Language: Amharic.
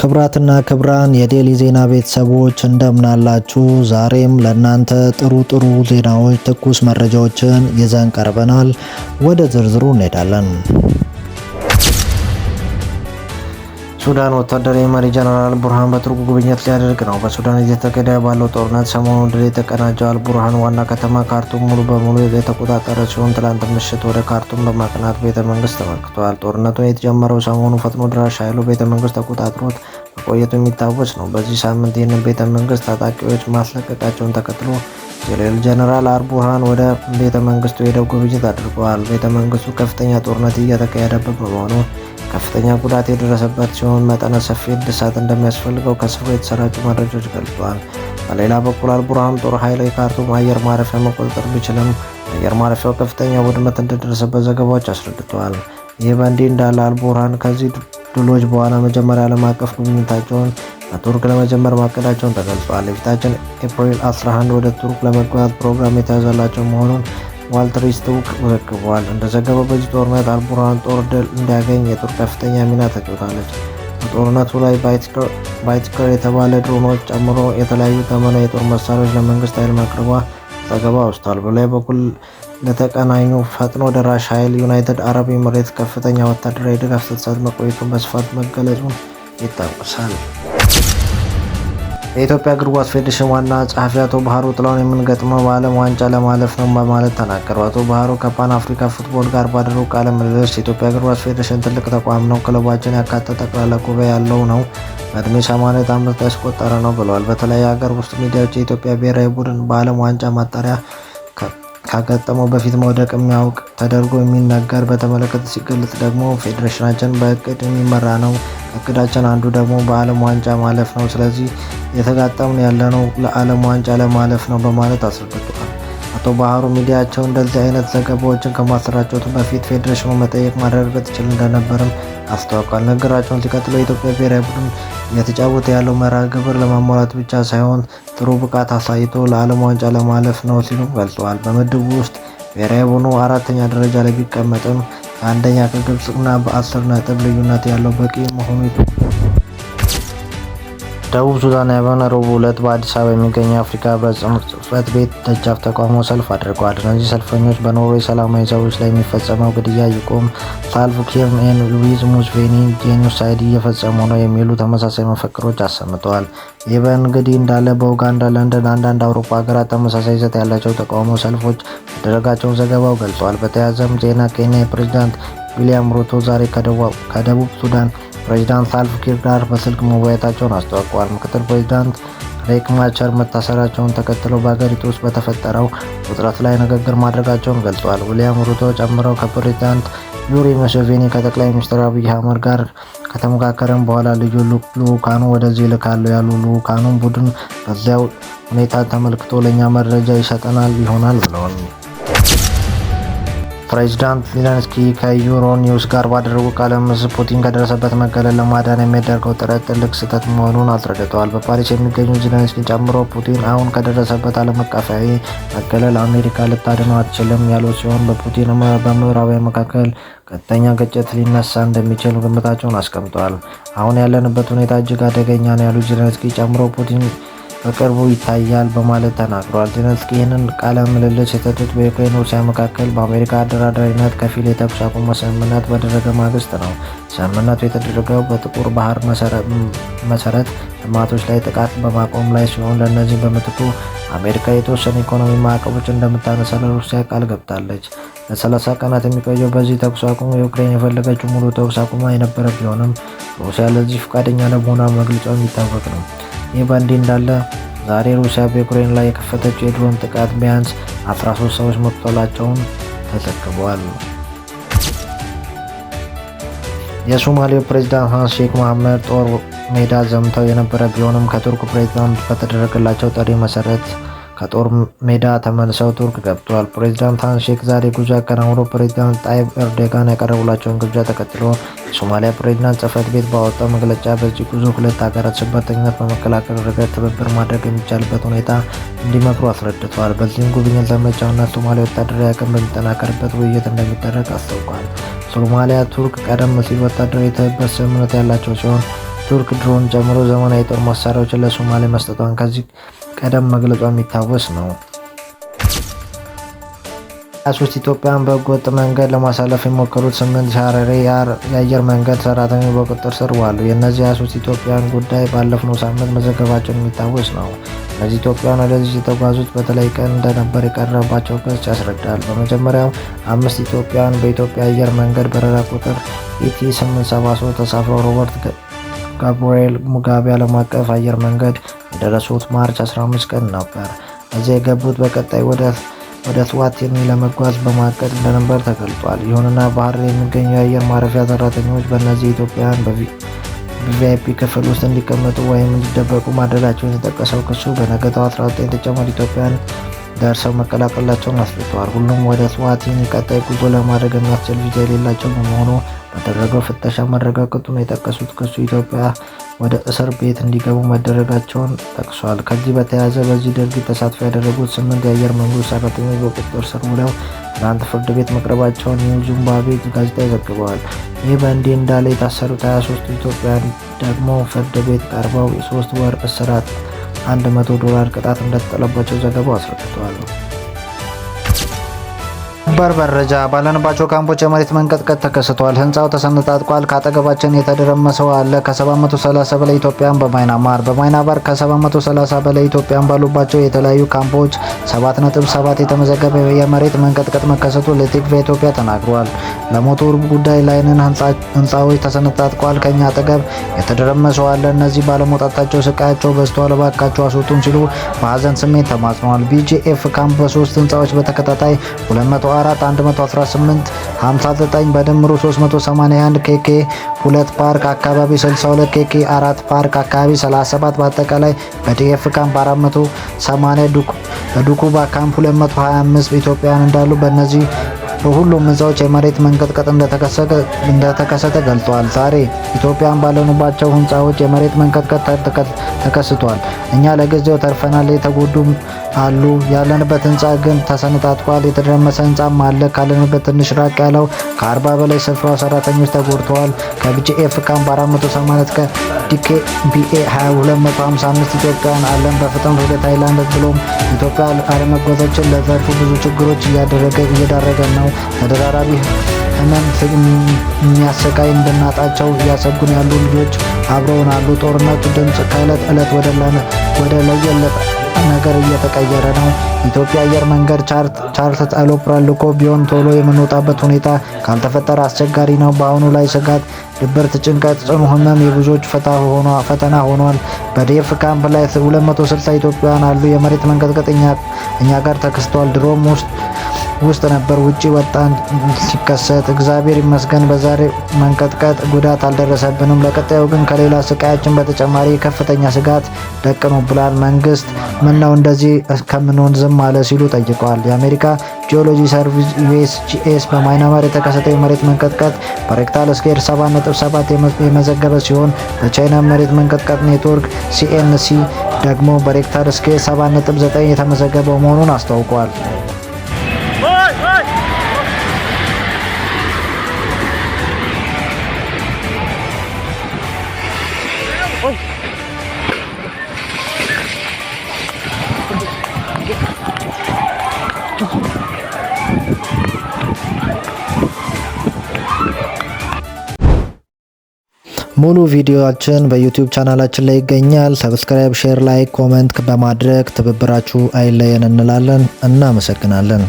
ክብራትና ክብራን የዴሊ ዜና ቤተሰቦች እንደምናላችሁ፣ ዛሬም ለእናንተ ጥሩ ጥሩ ዜናዎች፣ ትኩስ መረጃዎችን ይዘን ቀርበናል። ወደ ዝርዝሩ እንሄዳለን። ሱዳን ወታደራዊ መሪ ጀነራል ቡርሃን በቱርክ ጉብኝት ሊያደርግ ነው። በሱዳን እየተካሄደ ባለው ጦርነት ሰሞኑ ድል የተቀናጀው አልቡርሃን ዋና ከተማ ካርቱም ሙሉ በሙሉ የተቆጣጠረ ሲሆን ትላንት ምሽት ወደ ካርቱም በማቅናት ቤተ መንግስት ጦርነቱ የተጀመረው ሰሞኑ ፈጥኖ ድራሽ ኃይሉ ቤተ መንግስት ተቆጣጥሮት መቆየቱ የሚታወስ ነው። በዚህ ሳምንት ይህንን ቤተ መንግስት ታጣቂዎች ማስለቀቃቸውን ተከትሎ ሌል ጀነራል አልቡርሃን ወደ ቤተ መንግስቱ ሄደው ጉብኝት አድርገዋል። ቤተ መንግስቱ ከፍተኛ ጦርነት እየተካሄደበት በመሆኑ ከፍተኛ ጉዳት የደረሰበት ሲሆን መጠነ ሰፊ እድሳት እንደሚያስፈልገው ከስፍራው የተሰራጩ መረጃዎች ገልጸዋል። በሌላ በኩል አልቡርሃን ጦር ኃይል የካርቱም አየር ማረፊያ መቆጣጠር ቢችልም አየር ማረፊያው ከፍተኛ ውድመት እንደደረሰበት ዘገባዎች አስረድተዋል። ይህ በእንዲህ እንዳለ አልቡርሃን ከዚህ ድሎች በኋላ መጀመሪያ ዓለም አቀፍ ጉብኝታቸውን በቱርክ ለመጀመር ማቀዳቸውን ተገልጿል። የፊታችን ኤፕሪል 11 ወደ ቱርክ ለመጓዝ ፕሮግራም የተያዘላቸው መሆኑን ዋልትሪ ስቱክ መክቧል። እንደዘገበው በዚህ ጦርነት አልቡርሃን ጦር ድል እንዲያገኝ የጦር ከፍተኛ ሚና ተጫውታለች። በጦርነቱ ላይ ባይትከር የተባለ ድሮኖች ጨምሮ የተለያዩ ተመና የጦር መሳሪያዎች ለመንግስት ኃይል ማቅረቧ ዘገባ ወስቷል። በላይ በኩል ለተቀናኙ ፈጥኖ ደራሽ ኃይል ዩናይትድ አረብ ኤምሬት ከፍተኛ ወታደራዊ ድጋፍ ስትሰጥ መቆየቱን በስፋት መገለጹን ይጠቁሳል። የኢትዮጵያ እግር ኳስ ፌዴሬሽን ዋና ጸሐፊ አቶ ባህሩ ጥላሁን የምንገጥመው በዓለም ዋንጫ ለማለፍ ነው በማለት ተናገሩ። አቶ ባህሩ ከፓን አፍሪካ ፉትቦል ጋር ባደረጉ ቃለ ምልልስ የኢትዮጵያ እግር ኳስ ፌዴሬሽን ትልቅ ተቋም ነው፣ ክለባችን ያካተተ ጠቅላላ ጉባኤ ያለው ነው፣ በዕድሜ 80 ዓመት ያስቆጠረ ነው ብለዋል። በተለያዩ ሀገር ውስጥ ሚዲያዎች የኢትዮጵያ ብሔራዊ ቡድን በዓለም ዋንጫ ማጣሪያ ካጋጠመው በፊት መውደቅ የሚያውቅ ተደርጎ የሚነገር በተመለከተ ሲገለጽ ደግሞ ፌዴሬሽናችን በእቅድ የሚመራ ነው። እቅዳችን አንዱ ደግሞ በዓለም ዋንጫ ማለፍ ነው። ስለዚህ የተጋጠምን ያለነው ለዓለም ዋንጫ ለማለፍ ነው በማለት አስረድቷል። አቶ ባህሩ ሚዲያቸው እንደዚህ አይነት ዘገባዎችን ከማሰራጨቱ በፊት ፌዴሬሽኑ መጠየቅ ማረጋገጥ ይችል እንደነበርም አስታውቋል። ንግግራቸውን ሲቀጥለው የኢትዮጵያ ብሔራዊ ቡድን እየተጫወተ ያለው መርሃ ግብር ለማሟላት ብቻ ሳይሆን ጥሩ ብቃት አሳይቶ ለዓለም ዋንጫ ለማለፍ ነው ሲሉ ገልጸዋል። በምድቡ ውስጥ ብሔራዊ ቡድኑ አራተኛ ደረጃ ላይ ቢቀመጥም ከአንደኛ ከግብፅና በአስር ነጥብ ልዩነት ያለው በቂ መሆኑ ደቡብ ሱዳን የመን ረቡዕ በአዲስ አበባ የሚገኘ የአፍሪካ ህብረት ቤት ደጃፍ ተቃውሞ ሰልፍ አድርገዋል። እነዚህ ሰልፈኞች በኖርዌይ ሰላማዊ ሰዎች ላይ የሚፈጸመው ግድያ ይቁም፣ ሳልቭ ኪር ዊዝ ሙስቬኒ ጄኖሳይድ እየፈጸሙ ነው የሚሉ ተመሳሳይ መፈክሮች አሰምተዋል። ይህ በእንግዲህ እንዳለ በኡጋንዳ፣ ለንደን አንዳንድ አውሮፓ ሀገራት ተመሳሳይ ይዘት ያላቸው ተቃውሞ ሰልፎች መደረጋቸውን ዘገባው ገልጿል። በተያያዘም ዜና ኬንያ የፕሬዚዳንት ዊሊያም ሩቶ ዛሬ ከደቡብ ሱዳን ፕሬዚዳንት ሳልቫኪር ጋር በስልክ መወያየታቸውን አስታውቀዋል። ምክትል ፕሬዚዳንት ሬክ ማቸር መታሰራቸውን ተከትለው በሀገሪቱ ውስጥ በተፈጠረው ውጥረት ላይ ንግግር ማድረጋቸውን ገልጿል። ዊሊያም ሩቶ ጨምረው ከፕሬዚዳንት ዩሪ ሙሴቬኒ ከጠቅላይ ሚኒስትር አብይ አህመድ ጋር ከተመካከረም በኋላ ልዩ ልኡካኑ ወደዚህ ይልካሉ ያሉ ልኡካኑን ቡድን በዚያው ሁኔታ ተመልክቶ ለእኛ መረጃ ይሰጠናል ይሆናል ብለዋል። ፕሬዚዳንት ዜለንስኪ ከዩሮ ኒውስ ጋር ባደረጉ ቃለ ምልልስ ፑቲን ከደረሰበት መገለል ለማዳን የሚያደርገው ጥረት ትልቅ ስህተት መሆኑን አስረድተዋል። በፓሪስ የሚገኙ ዜለንስኪ ጨምሮ ፑቲን አሁን ከደረሰበት ዓለም አቀፋዊ መገለል አሜሪካ ልታድነው አትችልም ያሉ ሲሆን በፑቲን በምዕራባዊ መካከል ቀጥተኛ ግጭት ሊነሳ እንደሚችል ግምታቸውን አስቀምጠዋል። አሁን ያለንበት ሁኔታ እጅግ አደገኛ ነው ያሉ ዜለንስኪ ጨምሮ ፑቲን በቅርቡ ይታያል በማለት ተናግሯል። ዜለንስኪ ይህንን ቃለ ምልልስ የሰጡት በዩክሬን ሩሲያ መካከል በአሜሪካ አደራዳሪነት ከፊል የተኩስ አቁም ስምምነት በደረገ ማግስት ነው። ስምምነቱ የተደረገው በጥቁር ባህር መሰረት ልማቶች ላይ ጥቃት በማቆም ላይ ሲሆን ለእነዚህ በምትኩ አሜሪካ የተወሰኑ ኢኮኖሚ ማዕቀቦች እንደምታነሳ ለሩሲያ ቃል ገብታለች። ለሰላሳ ቀናት የሚቆየው በዚህ ተኩስ አቁም የዩክሬን የፈለገችው ሙሉ ተኩስ አቁማ የነበረ ቢሆንም ሩሲያ ለዚህ ፈቃደኛ ለመሆኗ መግለጫው የሚታወቅ ነው። ይህ በእንዲህ እንዳለ ዛሬ ሩሲያ በዩክሬን ላይ የከፈተችው የድሮን ጥቃት ቢያንስ 13 ሰዎች መቁሰላቸውን ተዘግቧል። የሶማሌው ፕሬዝዳንት ሐሰን ሼክ መሐመድ ጦር ሜዳ ዘምተው የነበረ ቢሆንም ከቱርክ ፕሬዝዳንት በተደረገላቸው ጥሪ መሰረት ከጦር ሜዳ ተመልሰው ቱርክ ገብተዋል። ፕሬዚዳንት ሐሰን ሼክ ዛሬ ጉዞ ያከናወኑ ፕሬዝዳንት ጣይብ ኤርዶጋን ያቀረቡላቸውን ግብዣ ተከትሎ የሶማሊያ ፕሬዚዳንት ጽህፈት ቤት ባወጣው መግለጫ በዚህ ጉዞ ሁለት ሀገራት ስበተኝነት በመከላከል ረገድ ትብብር ማድረግ የሚቻልበት ሁኔታ እንዲመክሩ አስረድተዋል። በዚህም ጉብኝት ዘመቻውና ሶማሊያ ወታደራዊ አቅም በሚጠናከርበት ውይይት እንደሚደረግ አስታውቋል። ሶማሊያ ቱርክ ቀደም ሲል ወታደራዊ ትብብር ስምምነት ያላቸው ሲሆን ቱርክ ድሮን ጨምሮ ዘመናዊ የጦር መሳሪያዎችን ለሶማሌ መስጠቷን ከዚህ ቀደም መግለጿ የሚታወስ ነው። 23 ኢትዮጵያን በህገወጥ መንገድ ለማሳለፍ የሞከሩት ስምንት ሻረሬ የአየር መንገድ ሰራተኞች በቁጥጥር ስር ዋሉ። የእነዚህ 23 ኢትዮጵያን ጉዳይ ባለፍነው ሳምንት መዘገባቸው የሚታወስ ነው። እነዚህ ኢትዮጵያን ወደዚህ የተጓዙት በተለይ ቀን እንደነበር የቀረባቸው ክስ ያስረዳል። በመጀመሪያው አምስት ኢትዮጵያን በኢትዮጵያ አየር መንገድ በረራ ቁጥር ኢቲ 873 ተሳፍረው ሮበርት ጋብርኤል ሙጋቤ ዓለም አቀፍ አየር መንገድ የደረሱት ማርች 15 ቀን ነበር። እዚያ የገቡት በቀጣይ ወደ ወደ ስዋቲኒ ለመጓዝ በማቀድ እንደነበር ተገልጿል። ይሁንና በሐረር የሚገኙ የአየር ማረፊያ ሰራተኞች በእነዚህ ኢትዮጵያውያን በቪአይፒ ክፍል ውስጥ እንዲቀመጡ ወይም እንዲደበቁ ማድረጋቸውን የጠቀሰው ክሱ በነገታው 19 ተጨማሪ ኢትዮጵያውያን ደርሰው መቀላቀላቸውን አስፍቷል። ሁሉም ወደ ስዋቲኒ ቀጣይ ጉዞ ለማድረግ የሚያስችል ቪዛ የሌላቸው በመሆኑ በተደረገው ፍተሻ መረጋገጡን የጠቀሱት ክሱ ኢትዮጵያ ወደ እስር ቤት እንዲገቡ መደረጋቸውን ጠቅሷል። ከዚህ በተያያዘ በዚህ ድርጊት ተሳትፎ ያደረጉት ስምንት የአየር መንገድ ሰራተኞች በቁጥጥር ስር ውለው ትናንት ፍርድ ቤት መቅረባቸውን ኒው ዚምባብዌ ጋዜጣ ይዘግበዋል። ይህ በእንዲህ እንዳለ የታሰሩት 23 ኢትዮጵያውያን ደግሞ ፍርድ ቤት ቀርበው የሶስት ወር እስራት 100 ዶላር ቅጣት እንደተጠለባቸው ዘገባው አስረድተዋል። መረጃ ባለንባቸው ካምፖች የመሬት መንቀጥቀጥ ተከስቷል። ህንፃው ተሰነጣጥቋል። ከአጠገባችን የተደረመሰው አለ። ከ730 በላይ ኢትዮጵያን በማይናማር በማይናማር ከ730 በላይ ኢትዮጵያን ባሉባቸው የተለያዩ ካምፖች 7.7 የተመዘገበ የመሬት መንቀጥቀጥ መከሰቱ ለቲክቫህ ኢትዮጵያ ተናግሯል። ለሞቱ ጉዳይ ላይንን ህንፃዎች ተሰነጣጥቋል። ከኛ አጠገብ የተደረመሰው አለ። እነዚህ ባለመውጣታቸው ስቃያቸው በዝቷል። እባካችሁ አስወጡን ሲሉ በሀዘን ስሜት ተማጽነዋል። ቢጂኤፍ ካምፕ በሶስት ህንፃዎች በተከታታይ 2 4 118 59 በድምሩ 381 ኬኬ 2 ፓርክ አካባቢ 62 ኬኬ 4 ፓርክ አካባቢ 37 በአጠቃላይ በዲኤፍ ካምፕ 480 ዱኩ በዱኩባ ካምፕ 225 ኢትዮጵያውያን እንዳሉ በእነዚህ በሁሉም ህንፃዎች የመሬት መንቀጥቀጥ እንደተከሰተ ገልጧል። ዛሬ ኢትዮጵያን ባለኑባቸው ህንፃዎች የመሬት መንቀጥቀጥ ተከስቷል። እኛ ለጊዜው ተርፈናል። የተጎዱም አሉ። ያለንበት ህንፃ ግን ተሰነጣጥቋል። የተደረመሰ ህንፃም አለ። ካለንበት ትንሽ ራቅ ያለው ከአርባ በላይ ስፍራ ሰራተኞች ተጎድተዋል። ከቢጂኤፍ ካምፕ 480 ከዲኬቢኤ 2255 ኢትዮጵያን አለን። በፍጥነት ወደ ታይላንድ ብሎም ኢትዮጵያ አለመጓዘችን ለዘርፉ ብዙ ችግሮች እያደረገ እየዳረገ ነው ተደራራቢ እናም የሚያሰቃይ እንድናጣቸው እያሰጉን ያሉ ልጆች አብረውን አሉ። ጦርነቱ ድምፅ ከዕለት ዕለት ወደ ለየለት ነገር እየተቀየረ ነው። ኢትዮጵያ አየር መንገድ ቻርት አውሮፕላን ልኮ ቢሆን ቶሎ የምንወጣበት ሁኔታ ካልተፈጠረ አስቸጋሪ ነው። በአሁኑ ላይ ስጋት፣ ድብርት፣ ጭንቀት፣ ጽኑ ህመም የብዙዎች ፈተና ሆኗል። በዴፍ ካምፕ ላይ 260 ኢትዮጵያውያን አሉ። የመሬት መንቀጥቀጥ እኛ ጋር ተከስቷል። ድሮም ውስጥ ውስጥ ነበር። ውጪ ወጣን ሲከሰት እግዚአብሔር ይመስገን በዛሬ መንቀጥቀጥ ጉዳት አልደረሰብንም። ለቀጣዩ ግን ከሌላ ስቃያችን በተጨማሪ ከፍተኛ ስጋት ደቅኖብናል። መንግስት ነው እንደዚህ ከምንሆን ዝም አለ ሲሉ ጠይቀዋል። የአሜሪካ ጂኦሎጂ ሰርቪስ ዩኤስጂኤስ በማይናማር የተከሰተው የመሬት መንቀጥቀጥ በሬክታል ስኬል 7.7 የመዘገበ ሲሆን በቻይና መሬት መንቀጥቀጥ ኔትወርክ ሲኤንሲ ደግሞ በሬክታር ስኬል 7.9 የተመዘገበው መሆኑን አስታውቋል። ሙሉ ቪዲዮችን በዩቲዩብ ቻናላችን ላይ ይገኛል። ሰብስክራይብ፣ ሼር፣ ላይክ፣ ኮመንት በማድረግ ትብብራችሁ አይለየን እንላለን። እናመሰግናለን።